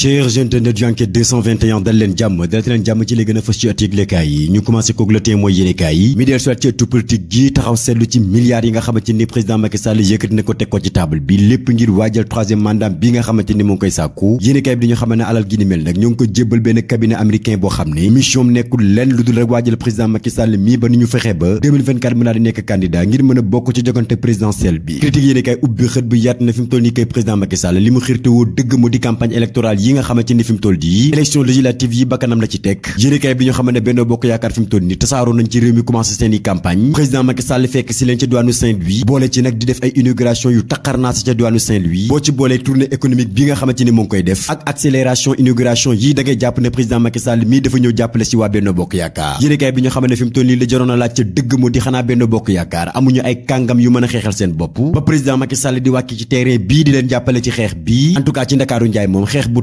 chers internautes yu enquête 221 dal leen jàmm dal leen jàmm ci li gën a fës ci at yëglekaay yi ñu commencé koog le témoin mooy yi mi dellu soit ci ëttu ko teg ko ci table bi lépp ngir waajal mandat bi nga xamante ni mu koy sàkku yéenekaay bi dañu xam alal gi ni mel nag ñoo ngi ko jébbal benn cabinet américain boo xam ne mission am nekkul lenn lu dul rek waajal président Macky mii ba ni ñu fexe ba 2024 naa di nekk candidat ngir mën a bokk yi nga xamante ni fi mu toll di élection législative yi bakkanam la ci teg yéenekaay bi ñu xamante ne boo ci boolee tournée économique bi nga xamante ni moo ngi koy def ak accélération inauguration yi da jàpp ne président Macky Sall mii dafa ñëw jàppale si waa Benno Bokk Yaakaar yéenekaay bi ñu xamante ne fi toll nii la ca dëgg moo di xanaa Benno Bokk Yaakaar amuñu ay kàngam yu mën a xeexal seen bopp ba président Macky Sall di wàcc ci terrain bii di leen jàppale ci xeex bii en ci Ndakaaru Njaay moom xeex bu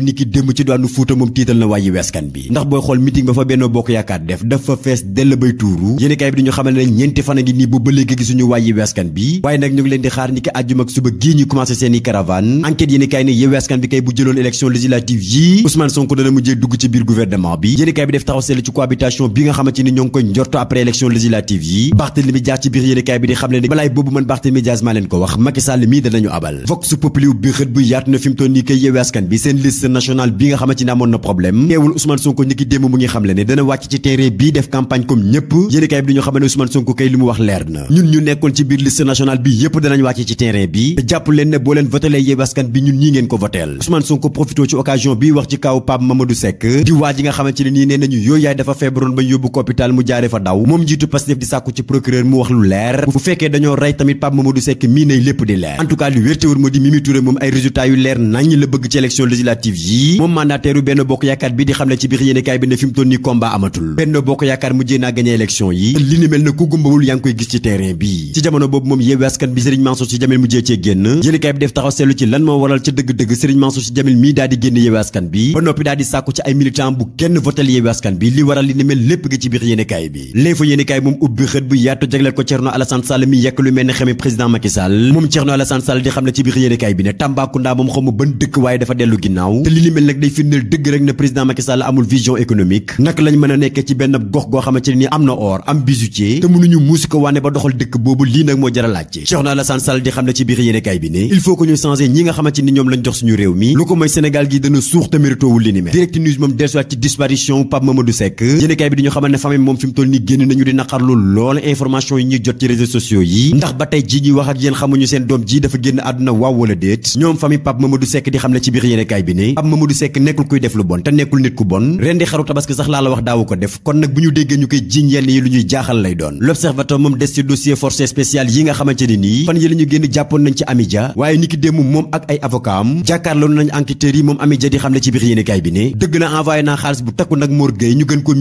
xew démb ci daanu Fuuta moom tiital na waayi weskan bi ndax booy xool meeting ba fa Benno Bokk Yaakaar def dafa fees dell bay tuuru yéenekaay bi dañu xamal ne ñeenti fan ngi nii bu ba léegi gisuñu waayi weskan bi waaye nag ñu leen di xaar ni ki ak suba gii ñu commencé seeni caravane enquête yéenekaay ne Yewwi bi kay bu jëloon élection législative yi Ousmane Sonko dana mujjee dugg ci biir gouvernement bi yéenekaay bi def taxaw seetlu ci liste nationale bi nga xamante ne amoon na problème teewul Ousmane Sonko ni ki démb mu ngi xamle ne dana wàcc ci terrain bii def campagne comme ñëpp yéenekaay bi du ñu xam ne Ousmane Sonko kay li mu wax leer na ñu nekkoon ci biir liste nationale bi yëpp danañ wàcc ci terrain bi jàpp leen ne boo leen votelee Yewwi bi ñun ñii ngeen ko voteel Ousmane Sonko profité ci occasion bi wax ci kaw Pape Mamadou Seck di waa ji nga xamante ne nii nee nañu yooyu yaay législative moom mandataire benn bokk yaakaar bi di xam ci biir yéenekaay bi ne fi mu toll nii amatul benn bokk yaakaar mujjee naa gagné élection yi li ni mel na ku gumbawul yaa ngi koy gis ci terrain bi ci jamono boobu moom Yewwi Askan bi Serigne Mansour Sy Djamil mujjee cee génn yéenekaay bi def taxaw seetlu ci lan moo waral ci dëgg-dëgg Serigne Mansour Sy Djamil mii daal génn Yewwi bi ba noppi daal sàkku ci ay militant bu kenn votel Yewwi ginnaaw te li li mel nag day firndeel dëgg rek ne président Macky Sall amul vision économique naka lañ mën a nekkee ci benn gox goo xamante ne ni am na or am bijoutier te mënuñu muusi ko wànne ba doxal dëkk boobu lii nag moo jar a laajte Cheikhna Alassane Sall di xam ne ci biir yéenekaay bi ne il faut que ñu changé ñi nga xamante ni ñoom lañ jox suñu réew mi lu ko mooy Sénégal gi dana suux te méritoowul li ni mel direct news moom dellusiwaat ci disparition Pape Mamadou yi ñuy jot tey ji ñuy wax ak seen doom ji dafa génn àdduna waaw wala déet ñoom famille Pape Mamadou Seck di xam ne ni Pape Mamadou Seck nekkul kuy def lu bon te nekkul nit ku bon rendi xaru tabaski sax laa la wax daawu ko def kon nag bu ñu déggee ñu koy jiñ yenn yi lu ñuy jaaxal lay doon l'observateur moom des ci dossier force spéciale yi nga xamante ni nii fan yi la génn jàppoon nañ ci Amidia waaye niki démb moom ak ay avocat am jàkkaarloo nañ enquêteurs yi moom Amidia di xam ne ci biir yéenekaay bi ne dëgg la envoyé xaalis bu takku nag Mor Gueye ñu gën ko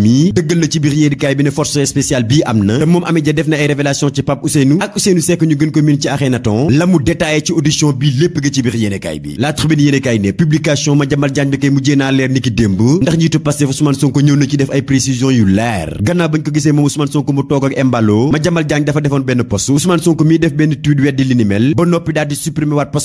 mi dëggal la ci biir yéenikaay bi ne force spéciale bii am na te moom Amy Dia def na ay révélation ci Pape Ousseynou ak Ousseynou Seck ñu gën ko miin ci Akhenaton la mu détaillé ci audition bii lépp nga ci biir yéenikaay bi La Tribune yéenikaay bi koy mujjee naa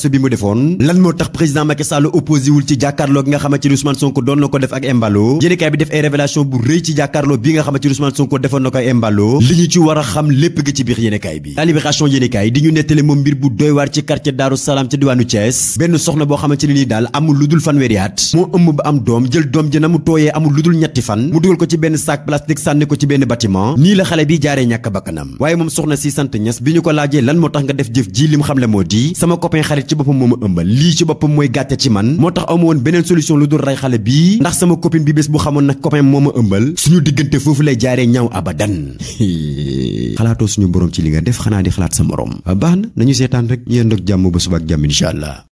bi mu defoon lan moo tax président Macky Sall opposé ci jàkkaarloo gi nga xamante ni Ousmane Sonko doon na ko def ak Embalo yéenikaay bi def ay révélation bu rëy ci jàkkaarloo bi nga xamante ni Ousmane Sonko defoon na ko Embalo li ñu ci war a xam lépp gi ci biir yéenekaay bi la Libération yéenekaay di ñu nettali moom mbir bu doy waar ci quartier Daaru Salaam ca diwaanu Thiès benn soxna boo xamante ne nii daal amul lu dul fanweeri at moo ëmb ba am doom jël doom ji na mu tooyee amul lu dul ñetti fan mu dugal ko ci benn sac plastique sànni ko ci benn bâtiment nii la xale bi jaaree ñàkk bakkanam waaye moom soxna si sant ñes bi ñu ko laajee lan moo tax nga def jëf ji lim xam le moo di sama copain xarit ci ma lii ci boppam mooy gàtte ci man moo tax amu woon beneen solution lu dul bi ndax sama copine bi bés bu xamoon nag copain moo suñu diggante foofu lay jaaree ñaaw abadan xalaatoo suñu borom ci li nga def xanaa di xalaat sa morom baax na nañu seetaan rek ñu yendoo ak jàmm ba suba ak jàmm incha allah